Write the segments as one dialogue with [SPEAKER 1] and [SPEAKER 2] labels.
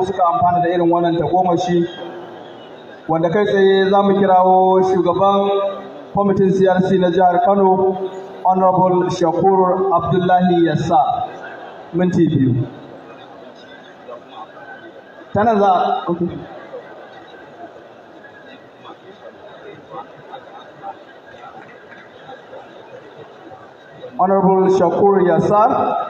[SPEAKER 1] kuma suka amfana da irin wannan tagomashi wanda kai tsaye za mu kirawo shugaban kwamitin CRC na jihar Kano Honorable Shakur Abdullahi Yassa minti biyu. Tana za Honorable Shakur Yassar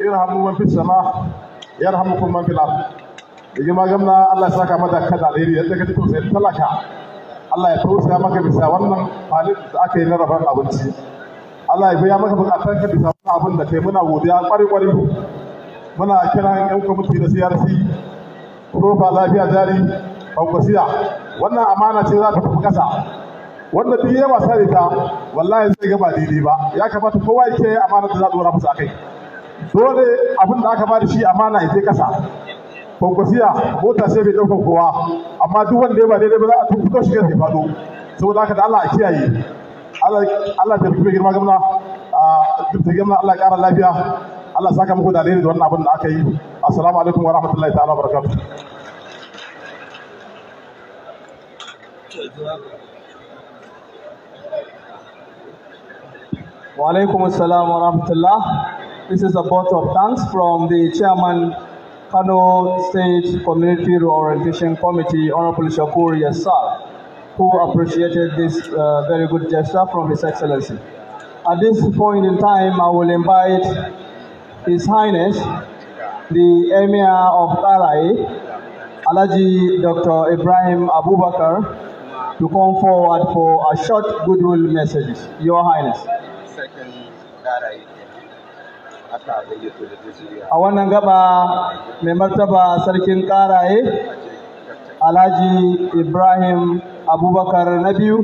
[SPEAKER 2] irhamu man fis sama yarhamukum man fil ard ma gamna Allah ya saka mata kada alheri yadda ka tuko sai talaka Allah ya tausa maka bisa wannan halin da aka yi na rafan abinci Allah ya biya maka bukatun ka bisa wannan abin da kai muna godiya kwari kwari muna kiran yan kwamiti da CRC rofa lafiya jari kwankwasiya wannan amana ce za ta tafi kasa wanda duk yawa sare ta wallahi zai gaba daidai ba ya kamata kowa ya ke amana da za a dora musu akai dole abin da aka ba da shi amana ya je kasa kwankwasiya mota sai bai ɗaukar kowa amma duk wanda ya ba daidai ba za a tukuto shi zai faɗo saboda haka da Allah a kiyaye Allah ta tafi girma gamna a duk ta girma Allah ya ƙara lafiya Allah saka muku da daidai da wannan abin da aka yi assalamu alaikum wa rahmatullahi ta'ala wa barakatuh
[SPEAKER 1] wa alaikum assalam wa rahmatullah This is a vote of thanks from the chairman, Kano State Community Orientation Committee, Honorable Shakur Yassar, who appreciated this uh, very good gesture from His Excellency. At this point in time, I will invite His Highness, the Emir of Kano, Alaji Dr. Ibrahim Abubakar, to come forward for a short goodwill message. Your Highness. Second,
[SPEAKER 3] a wannan gaba
[SPEAKER 1] mai martaba sarkin karaye alhaji ibrahim abubakar na biyu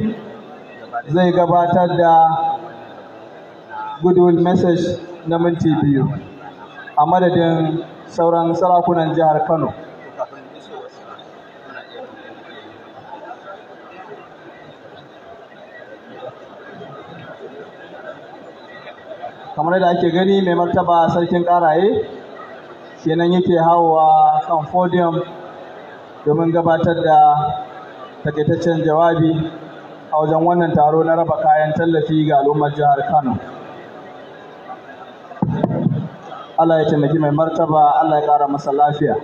[SPEAKER 1] zai gabatar da goodwill message na minti biyu a madadin sauran sarakunan jihar kano kamar da ake gani mai martaba sarkin karaye kenan yake hawa kan podium domin gabatar da takaitaccen jawabi a wajen wannan taro na raba kayan tallafi ga al'ummar jihar kano allah ya taimaki mai martaba allah ya ƙara masa lafiya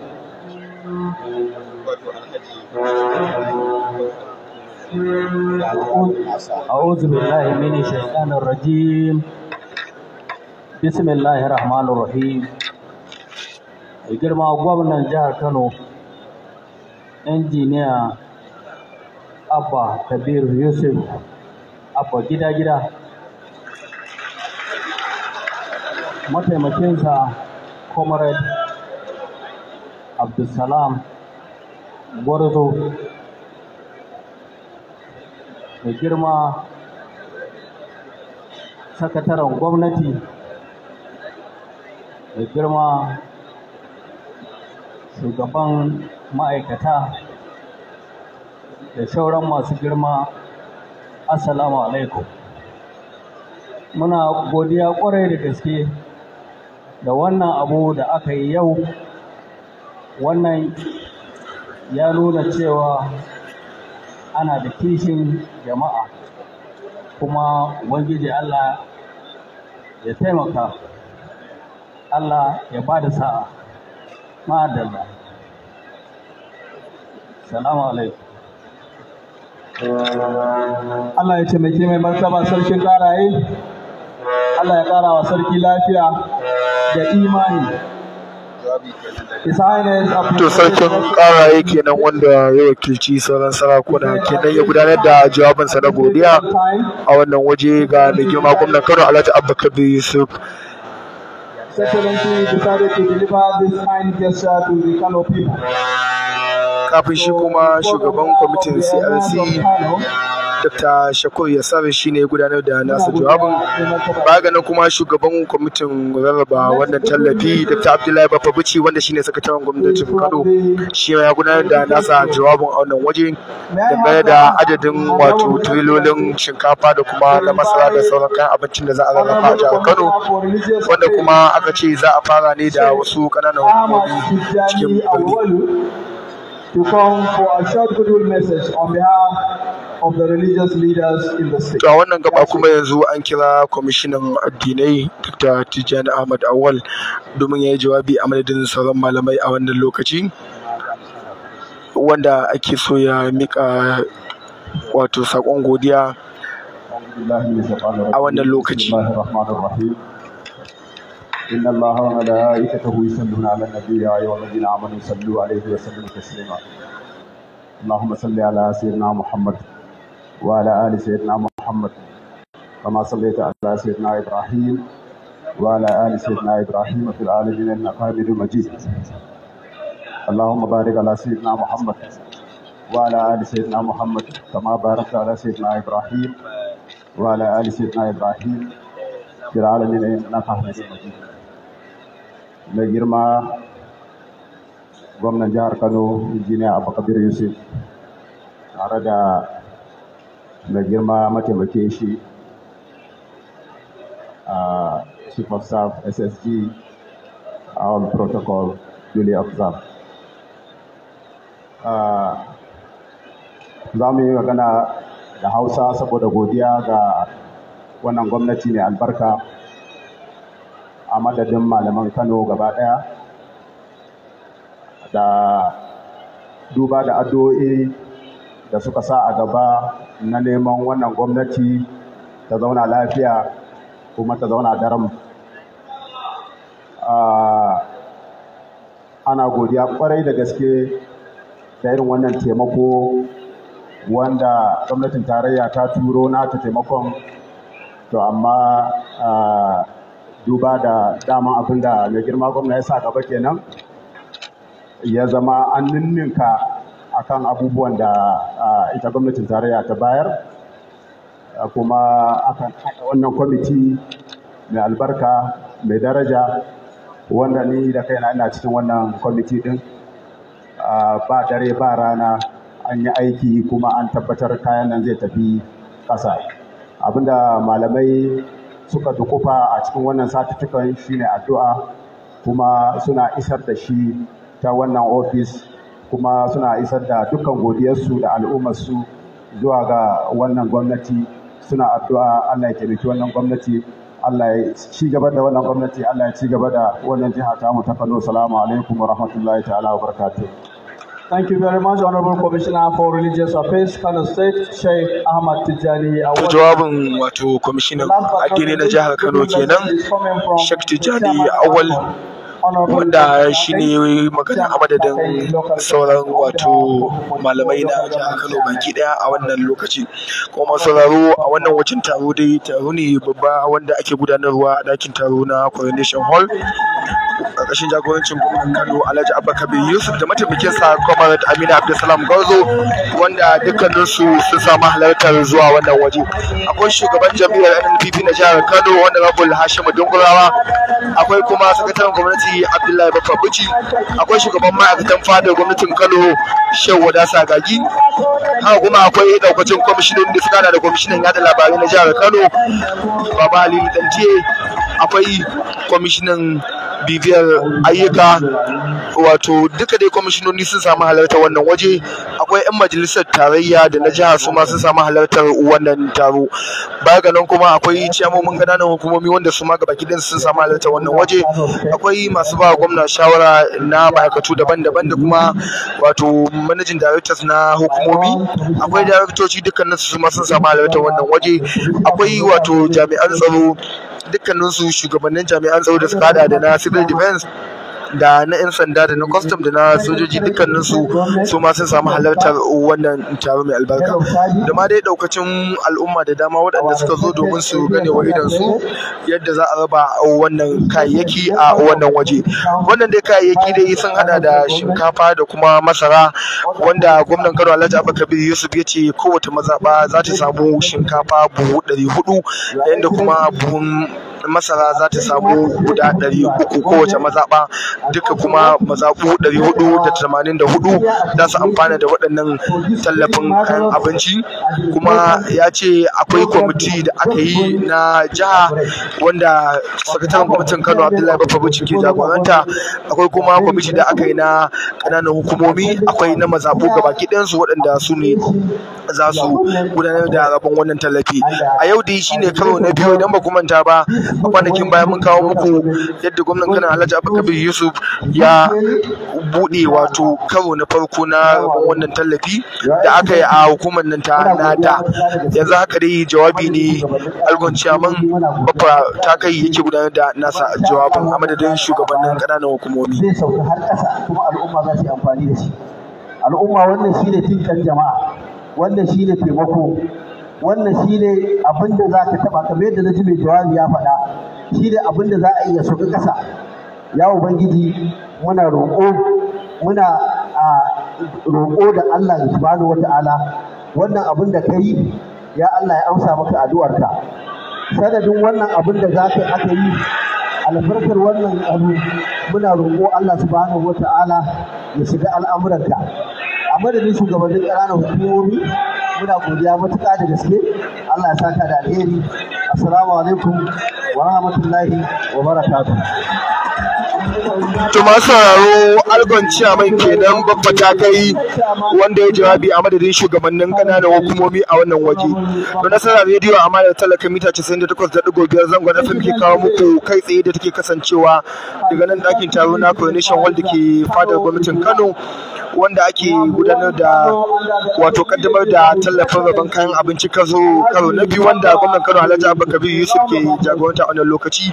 [SPEAKER 3] أعوذ بالله من الشيطان الرجيم bismillahi rahmanir rahim girma gwamnan jihar kano injiniya abba kabir yusuf abba gida-gida mataimakinsa comrade abdulsalam gwarzo mai girma sakataren gwamnati da girma shugaban ma'aikata da sauran masu girma assalamu alaikum muna godiya kwarai da gaske da wannan abu da aka yi yau wannan ya nuna cewa ana da kishin jama'a kuma ubangiji allah ya taimaka Allah ya ba da sa'a ma'adalla salamu alaikum
[SPEAKER 1] Allah ya taimake mai martaba sarkin karaye Allah ya kara wa sarki lafiya da imani to sarkin
[SPEAKER 4] karaye kenan wanda ya wakilci sauran sarakuna kenan ya gudanar da jawabinsa na godiya a wannan waje ga mai girma gwamnan kano alhaji abba kabir yusuf
[SPEAKER 1] Secondly, he decided to deliver this kind gesture to the Kano people.
[SPEAKER 4] Kafin shi kuma shugaban kwamitin CLC dr shakur Yasar shi ne gudanar da nasa jawabin baganan kuma shugaban kwamitin rarraba wannan tallafi dr abdullahi bafabuci wanda shine sakataren gwamnatin kano shi ya gudanar da nasa jawabin a wannan waje Da bayar da adadin wato trilolin shinkafa da kuma na masara da sauran kayan abincin da za a rarraba a jihar kano wanda kuma aka ce za a fara ne da wasu kananan hukumomi cikin
[SPEAKER 1] birni to come for a short goodwill message on behalf of the religious leaders in the
[SPEAKER 4] state. A wannan gaba kuma yanzu an kira kwamishinan addinai Dr. Tijjani Ahmad Awal domin yayi jawabi a madadin sauran malamai a wannan lokaci wanda ake so ya mika wato sakon godiya
[SPEAKER 2] a wannan lokaci. إن الله وملائكته يصلون على النبي يا أيها الذين آمنوا صلوا عليه وسلموا تسليما اللهم صل على سيدنا محمد وعلى آل سيدنا محمد كما صليت على سيدنا إبراهيم وعلى آل سيدنا إبراهيم في العالمين إنك حميد مجيد اللهم بارك على سيدنا محمد وعلى آل سيدنا محمد كما باركت على سيدنا إبراهيم وعلى آل سيدنا إبراهيم في العالمين إنك حميد مجيد mai girma gwamnan jihar kano injiniya abubakar yusuf tare da mai girma mataimakin shi a chief of staff ssg all protocol duly observed za mu yi magana da hausa saboda godiya ga wannan gwamnati mai albarka a madadin malaman Kano gaba ɗaya da duba da addu'o'i da suka sa a gaba na neman wannan gwamnati ta zauna lafiya kuma ta zauna daram. Ana godiya kwarai da gaske da irin wannan taimako wanda gwamnatin tarayya ta turo na ta taimakon to amma duba da dama abin da mai girma gwamna ya sa gaba kenan ya zama an ninninka kan abubuwan da ita gwamnatin tarayya ta bayar kuma akan haɗa wannan kwamiti mai albarka mai daraja wanda ni da kaina ina cikin wannan kwamiti ɗin ba dare ba rana an yi aiki kuma an tabbatar kayan nan zai tafi ƙasa abinda malamai suka dukufa a cikin wannan shi shine addu'a kuma suna isar da shi ta wannan ofis kuma suna isar da dukkan godiyarsu da al'ummarsu zuwa ga wannan gwamnati suna addu'a Allah ya taimaki wannan gwamnati Allah ya ci gaba da wannan gwamnati Allah ya ci gaba da wannan jiha ta mu ta Kano salamu alaikum wa rahmatullahi ta'ala wa barakatuh
[SPEAKER 1] Thank you very much, Honorable Commissioner for Religious Affairs, Kano State, Sheikh Ahmad Tijjani. Ta
[SPEAKER 4] jawabin wato kwamishinan addini na jihar Kano kenan, Sheikh Tijani Tijjani Awal
[SPEAKER 1] wanda
[SPEAKER 4] shi ne magana a madadin sauran wato malamai na jihar Kano baki daya a wannan lokaci kuma sauraro a wannan wajen taro dai taro ne babba wanda ake gudanarwa a dakin taro na coronation hall ƙarƙashin jagorancin gwamnan Kano Alhaji Abubakar Yusuf da mataimakin sa Comrade Amina Abdulsalam Gauzo wanda dukkanin sun samu halartar zuwa wannan waje akwai shugaban jami'ar NPP na jihar Kano wanda Rabul Hashim Dungurawa akwai kuma sakataren gwamnati alhaji abdullahi baffa buci akwai shugaban ma'aikatan fadar gwamnatin kano shehu wada sagagi haka kuma akwai daukacin kwamishinan da suka da kwamishinan yada labarai na jihar kano baba Ali dantiye akwai kwamishinan bibiyar ayyuka wato duka dai kwamishinoni sun samu halartar wannan waje akwai 'yan majalisar tarayya da na jihar su ma sun samu halartar wannan taro baya ga nan kuma akwai ciyamomin ganin hukumomi wanda su ma gaba gidan sun samu halartar wannan waje akwai masu ba gwamna shawara na ma'aikatu daban-daban da kuma wato manajin directors na hukumomi akwai directoci dukkanin su ma sun samu halartar wannan waje akwai wato jami'an tsaro dukkaninsu shugabannin jami'an tsaro da suka hada da na civil defense da na 'yan sanda da na kwastam da na sojoji dukkaninsu su ma sun samu halartar wannan taro mai albarka da ma dai daukacin al'umma da dama waɗanda suka zo domin su gane wa su yadda za a raba wannan kayayyaki a wannan waje wannan dai kayayyaki dai sun hada da shinkafa da kuma masara wanda gwamnan kano alhaji kabir yusuf ya ce kowace mazaɓa za ta samu shinkafa buhu ɗari hudu yayin da kuma buhun masara za ta samu guda ɗari uku kowace mazaɓa duka kuma mazaɓu ɗari hudu da tamanin da hudu za su amfana da waɗannan tallafin kayan abinci kuma ya ce akwai kwamiti da aka yi na jiha wanda sakataren kwamitin kano abdullahi bafabuci ke jagoranta akwai kuma kwamiti da aka yi na ƙananan hukumomi akwai na mazaɓu gabaki ɗansu waɗanda su ne za su gudanar da rabon wannan tallafi a yau dai shine karo na biyu idan ba kuma manta ba a kwanakin baya mun kawo muku yadda gwamnan kana alhaji abubakar yusuf ya buɗe wato karo na farko na wannan tallafi da aka yi a hukumar nan ta nata yanzu haka dai jawabi ne algon ciyaman bafa ta kai yake gudanar da nasa jawabin a madadin shugabannin ƙananan hukumomi zai sauka
[SPEAKER 3] har ƙasa kuma al'umma za su yi amfani da shi al'umma wannan ne tinkan jama'a wannan shi ne taimako wannan ne abin da za ka taba kamar yadda na ji mai jawabi ya faɗa ne abin da za a iya soka ƙasa ya ubangiji muna roƙo muna roƙo da Allah subhanahu wata'ala wannan abin da ka yi ya Allah ya amsa maka addu'arka sanadin wannan abin da za ka aka yi albarkar wannan abu muna roƙo Allah subhanahu wata'ala ya shiga al'amuranka a madadin shugabannin ƙananan hukumomi muna godiya matuƙa da gaske Allah ya saka da alheri assalamu alaikum wa rahmatullahi wa barakatuh to masu sauraro
[SPEAKER 4] algon ciyaman kenan babba ta kai wanda ya jawabi a madadin shugabannin kananan hukumomi a wannan waje da nasarar rediyo a madadin talaka mita 98.5 zangon fm ke kawo muku kai tsaye da take kasancewa daga nan dakin taro na coronation hall da ke fadar gwamnatin kano wanda ake gudanar da wato kaddamar da tallafin rabon kayan abinci kazo karo na biyu wanda gwamnan Kano Alhaji Abubakar Yusuf ke jagoranta a wannan lokaci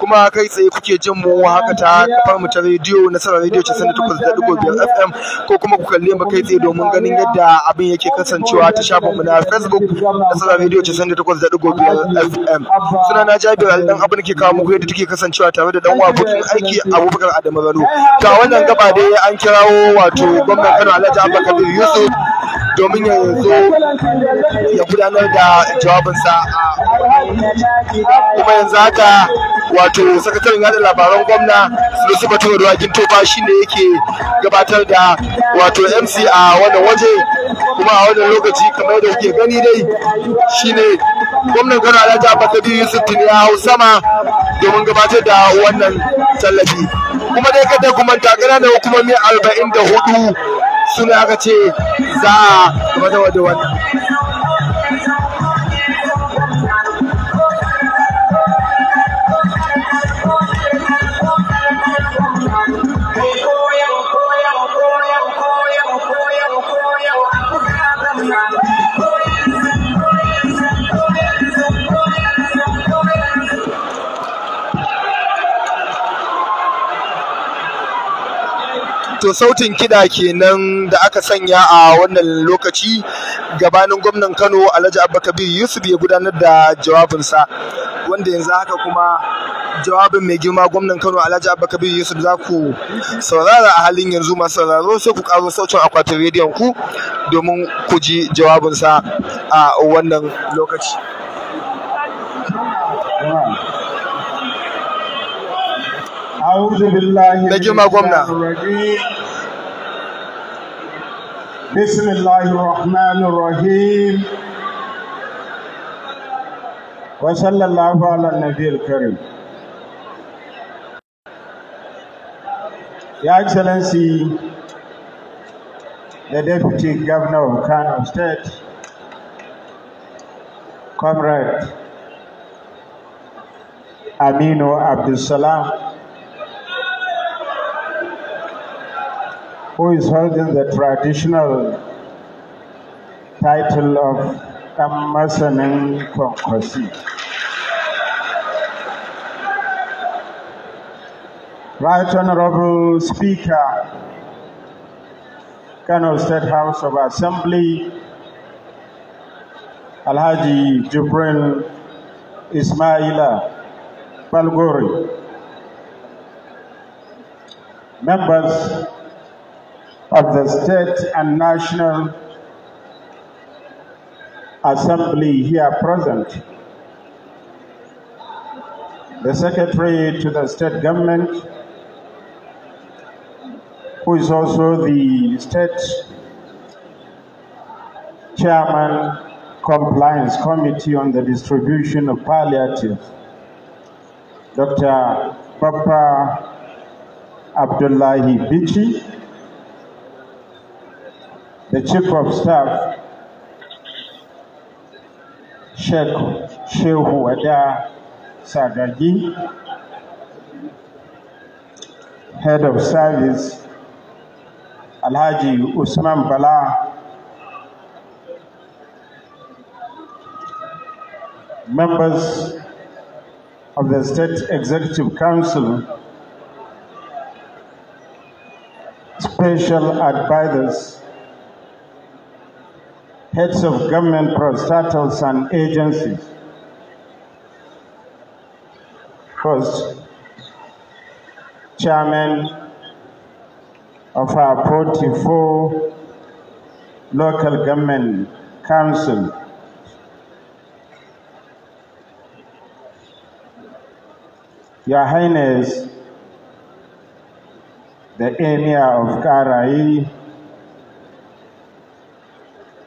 [SPEAKER 4] kuma kai tsaye kuke jin mu haka ta kafar mu ta rediyo sanar rediyo biyar FM ko kuma ku kalle mu kai tsaye domin ganin yadda abin yake kasancewa ta shafin mu na Facebook sanar rediyo da biyar FM suna na jabi da dan abin ke kawo muku yadda take kasancewa tare da dan abokin aiki Abubakar Adamu Rano ga wannan gaba dai an kirawo wato gwamnan Kano Alhaji Abba Yusuf domin ya zo ya gudanar da jawabinsa
[SPEAKER 2] kuma yanzu haka
[SPEAKER 4] wato sakataren yada labaran gwamna sulusu batun ruwakin tofa ne yake gabatar da wato mc a wannan waje kuma a wannan lokaci kamar yadda kuke gani dai ne gwamnan kano alhaji abba yusuf tuni ya hau sama domin gabatar da wannan tallafi kuma dai kada kuma ta ƙananan hukumomi arba'in da hudu suna aka ce za a game da wannan wato sautin kiɗa kenan da aka sanya a wannan lokaci gabanin gwamnan kano alhaji abubakar yusuf ya gudanar da jawabinsa wanda yanzu haka kuma jawabin mai girma gwamnan kano alhaji abubakar yusuf za ku saurara a halin yanzu masu sauraro sai ku karo sautin akwatin rediyon ku domin ku ji jawabinsa a wannan
[SPEAKER 5] lokaci da girma gwamna bismillahir rahmanir rahim wa sallallahu ala nabiyil karim Your Excellency, the Deputy Governor of Kano State, Comrade Aminu Abdul Salam, who is holding the traditional title of Amasanin Konkosi. Right Honorable Speaker, Kano State House of Assembly, Alhaji Jibril Ismaila Balgori, members of the State and National Assembly here present, the Secretary to the State Government, who is also the State Chairman Compliance Committee on the Distribution of palliative, Dr. Papa Abdullahi Bichi, the Chief of Staff, Sheikh Shehu Ada Sagagi, Head of Service, Alhaji Usman Bala, members of the State Executive Council, special advisors, heads of government parastatals and agencies. First, chairman of our 44 local government council. Your Highness, the Emir of Karai,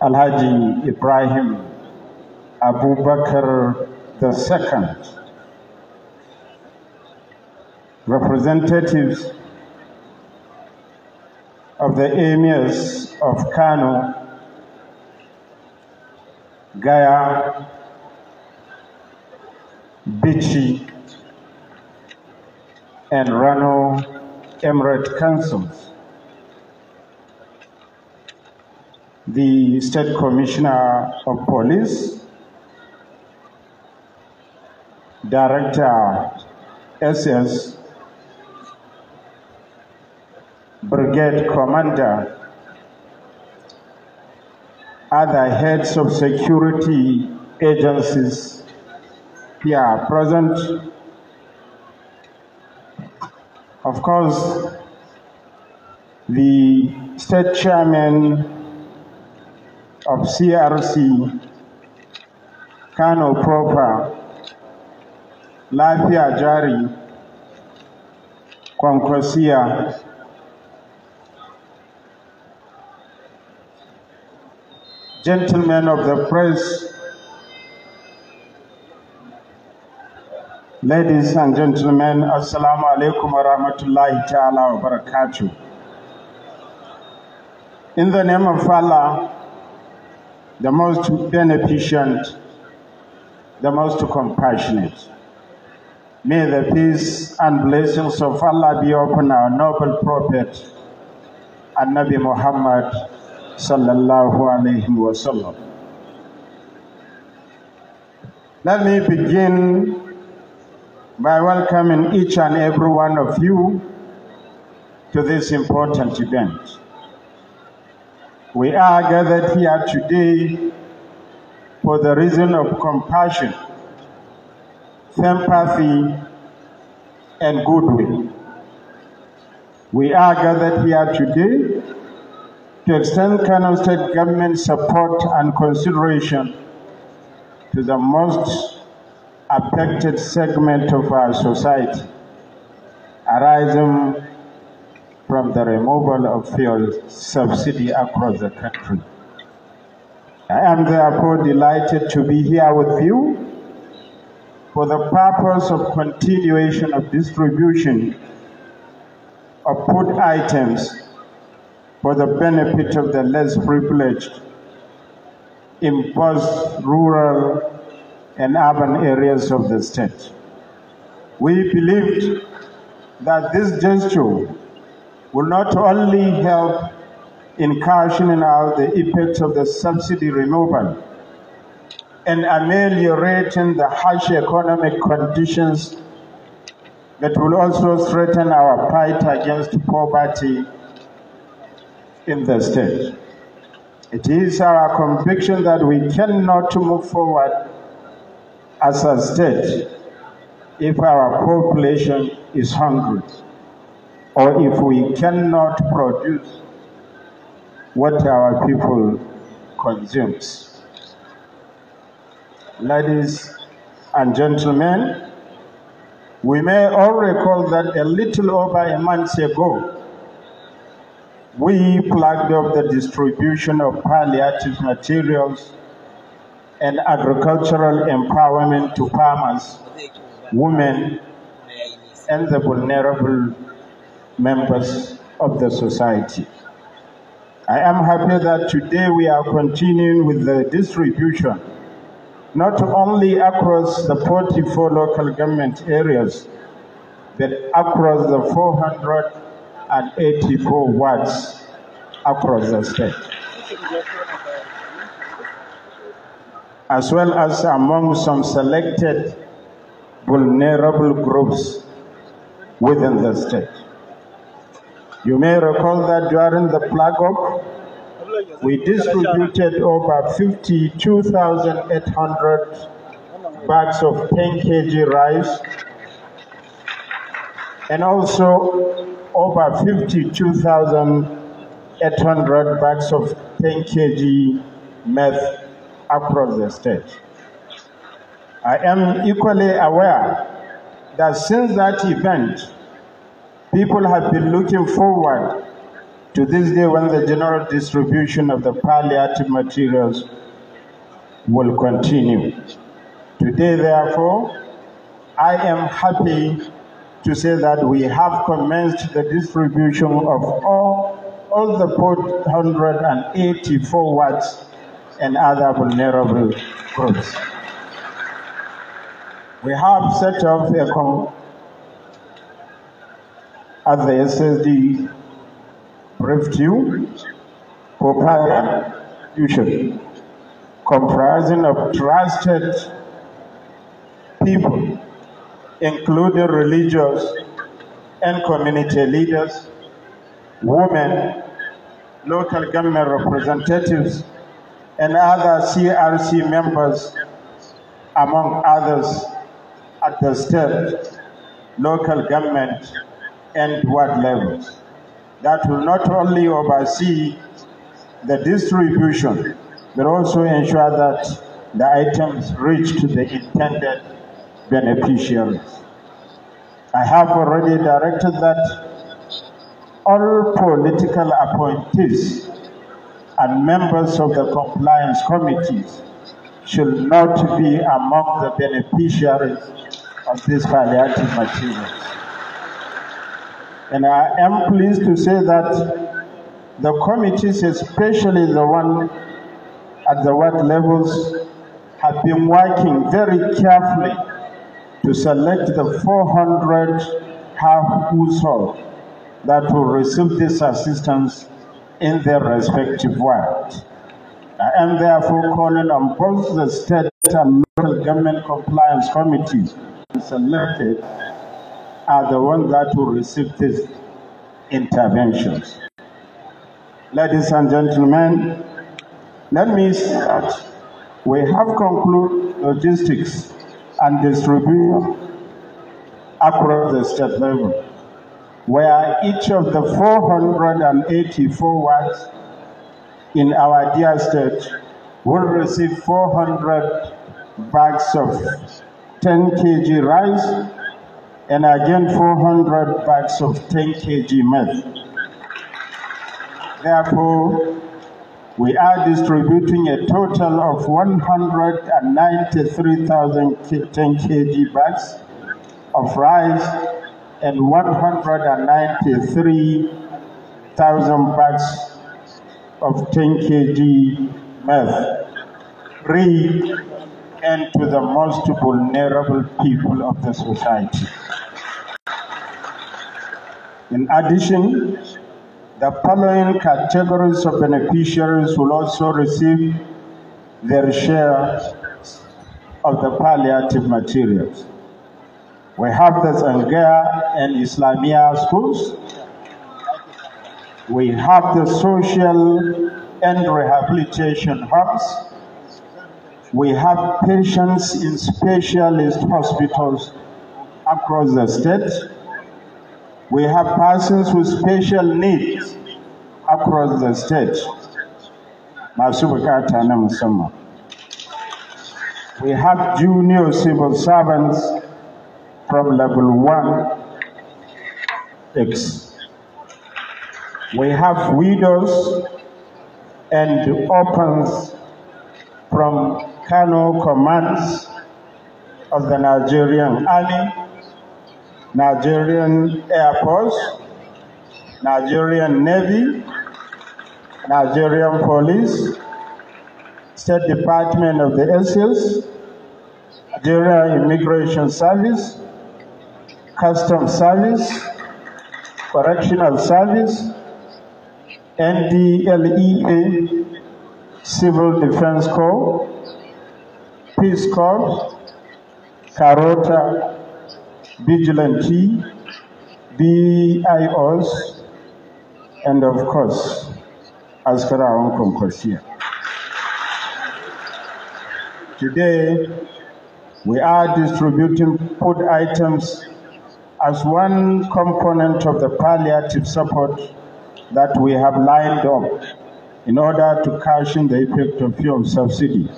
[SPEAKER 5] Alhaji Ibrahim Abubakar II, representatives of the emirs of Kano, Gaya, Bichi, and Rano Emirate Councils. the State Commissioner of Police, Director SS, Brigade Commander, other heads of security agencies here present. Of course, the state chairman of CRC Kano proper, Lafiya Jari, Kwankwasiya, gentlemen of the press, ladies and gentlemen, assalamu alaikum wa rahmatullahi ta'ala wa barakatuh. In the name of Allah, the most beneficent, the most compassionate. May the peace and blessings of Allah be upon our noble prophet, and Nabi Muhammad sallallahu alayhi wasallam. Let me begin by welcoming each and every one of you to this important event. We are gathered here today for the reason of compassion, sympathy, and goodwill. We are gathered here today to extend Kano State Government support and consideration to the most affected segment of our society, arising from the removal of fuel subsidy across the country. I am therefore delighted to be here with you for the purpose of continuation of distribution of food items for the benefit of the less privileged in both rural and urban areas of the state. We believed that this gesture will not only help in cashing out the effects of the subsidy removal and ameliorating the harsh economic conditions that will also strengthen our fight against poverty in the state. It is our conviction that we cannot move forward as a state if our population is hungry. or if we cannot produce what our people consumes. Ladies and gentlemen, we may all recall that a little over a month ago, we plugged up the distribution of palliative materials and agricultural empowerment to farmers, women, and the vulnerable members of the society. I am happy that today we are continuing with the distribution, not only across the 44 local government areas, but across the 484 wards across the state, as well as among some selected vulnerable groups within the state. You may recall that during the plug up, we distributed over 52,800 bags of 10 kg rice and also over 52,800 bags of 10 kg meth across the state. I am equally aware that since that event, People have been looking forward to this day when the general distribution of the palliative materials will continue. Today, therefore, I am happy to say that we have commenced the distribution of all, all the 484 wards and other vulnerable groups. We have set up a At the SSD review, you for institution comprising of trusted people, including religious and community leaders, women, local government representatives, and other CRC members, among others, at the state, local government, and ward levels that will not only oversee the distribution but also ensure that the items reach to the intended beneficiaries. I have already directed that all political appointees and members of the compliance committees should not be among the beneficiaries of these palliative materials. And I am pleased to say that the committees, especially the one at the ward levels, have been working very carefully to select the 400 households that will receive this assistance in their respective wards. I am therefore calling on both the state and local government compliance committees to select it are the ones that will receive these interventions. Ladies and gentlemen, let me say that we have concluded logistics and distribution across the state level, where each of the 484 wards in our dear state will receive 400 bags of 10 kg rice and again 400 bags of 10 kg meth. Therefore, we are distributing a total of 193,000 10 kg bags of rice and 193,000 bags of 10 kg meth. Three, and to the most vulnerable people of the society. In addition, the following categories of beneficiaries will also receive their share of the palliative materials. We have the Zangia and Islamia schools. We have the social and rehabilitation hubs we have patients in specialist hospitals across the state. We have persons with special needs across the state. We have junior civil servants from level 1 X. We have widows and orphans from Kano commands of the Nigerian Army, Nigerian Air Force, Nigerian Navy, Nigerian Police, State Department of the Exces, Nigerian Immigration Service, Customs Service, Correctional Service, NDLEA, Civil Defense Corps, Peace Corps, Carota, Vigilante, BIOs, and of course, as per our own concourse Today, we are distributing food items as one component of the palliative support that we have lined up in order to cash in the effect of fuel subsidy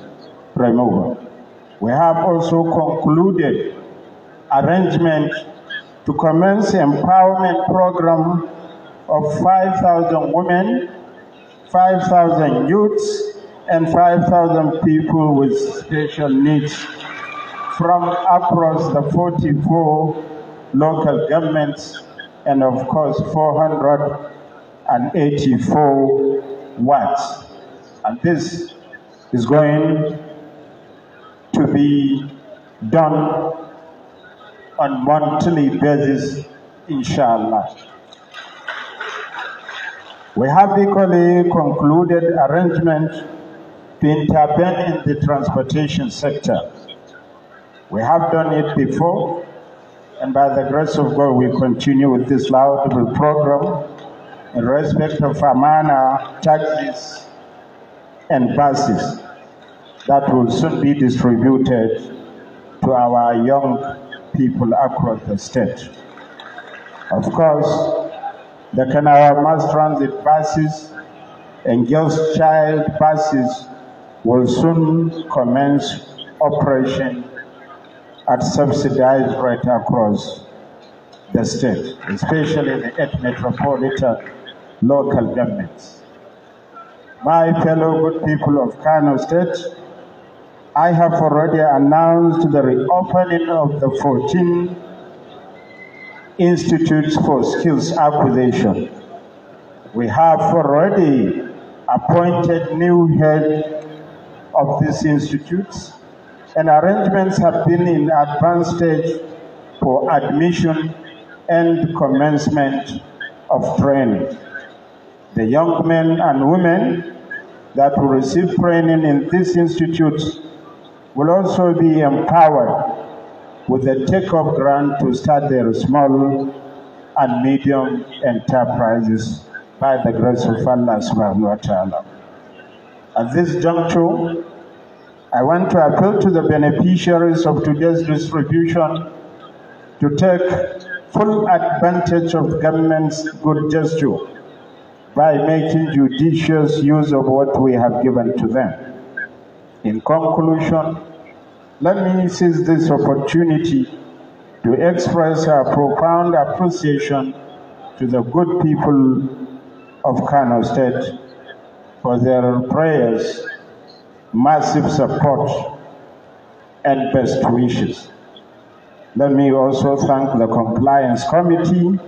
[SPEAKER 5] prime over. We have also concluded arrangement to commence empowerment program of 5,000 women, 5,000 youths, and 5,000 people with special needs from across the 44 local governments and of course 484 watts. And this is going to be done on monthly basis, inshallah. We have equally concluded arrangement to intervene in the transportation sector. We have done it before, and by the grace of God, we continue with this laudable program in respect of Amana, taxis, and buses that will soon be distributed to our young people across the state. Of course, the Canara Mass Transit buses and girls' child buses will soon commence operation at subsidized rate across the state, especially the eight metropolitan local governments. My fellow good people of Kano State, I have already announced the reopening of the 14 institutes for skills acquisition. We have already appointed new head of these institutes and arrangements have been in advanced stage for admission and commencement of training. The young men and women that will receive training in these institutes will also be empowered with the take-up grant to start their small and medium enterprises by the grace of Allah subhanahu wa ta'ala. At this juncture, I want to appeal to the beneficiaries of today's distribution to take full advantage of government's good gesture by making judicious use of what we have given to them. In conclusion, let me seize this opportunity to express our profound appreciation to the good people of Kano State for their prayers, massive support, and best wishes. Let me also thank the Compliance Committee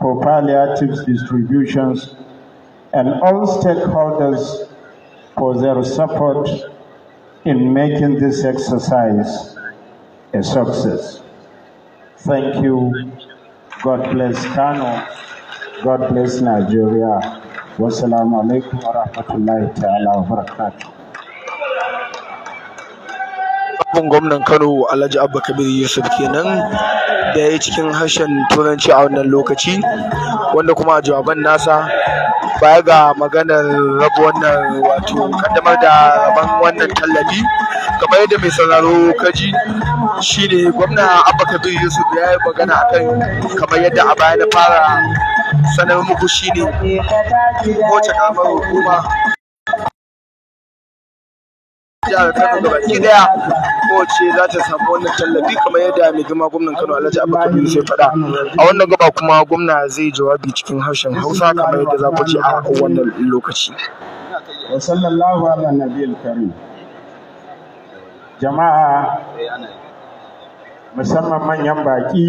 [SPEAKER 5] for palliatives distributions and all stakeholders for their support in making this exercise a success. Thank you. God bless Kano. God bless Nigeria. Wassalamu alaikum wa rahmatullahi ta'ala wa barakatuh.
[SPEAKER 4] gwamnan Kano Alhaji Abba Kabir Yusuf kenan da ya cikin harshen turanci a wannan lokaci wanda kuma jawaban nasa baya ga maganar rabu wannan wato kaddamar da rabon wannan tallafi kamar yadda mai sauraro kaji shine gwamna abba kabir yusuf ya yi magana akan kamar yadda a baya na fara sanar muku shine kowace kamar hukuma jihar Kano gaba baki daya kowace za ta samu wannan tallafi kamar yadda mai girma gwamnan Kano Alhaji Abba Kabiru sai faɗa a wannan gaba kuma gwamna zai jawabi cikin harshen Hausa kamar yadda za ku ji a wannan
[SPEAKER 2] lokaci wa sallallahu ala nabiyil karim jama'a
[SPEAKER 5] musamman manyan baki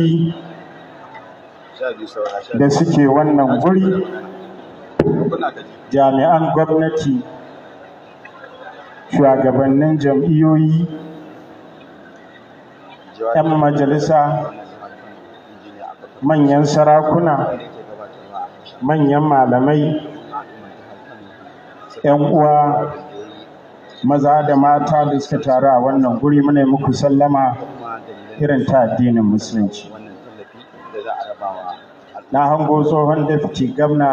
[SPEAKER 2] da suke wannan
[SPEAKER 5] guri jami'an gwamnati shugabannin jam'iyyoyi
[SPEAKER 3] 'yan majalisa
[SPEAKER 5] manyan sarakuna manyan malamai 'yan uwa maza da mata da suka taru a wannan guri muna muku sallama irin ta addinin musulunci na hango tsohon dafti gamna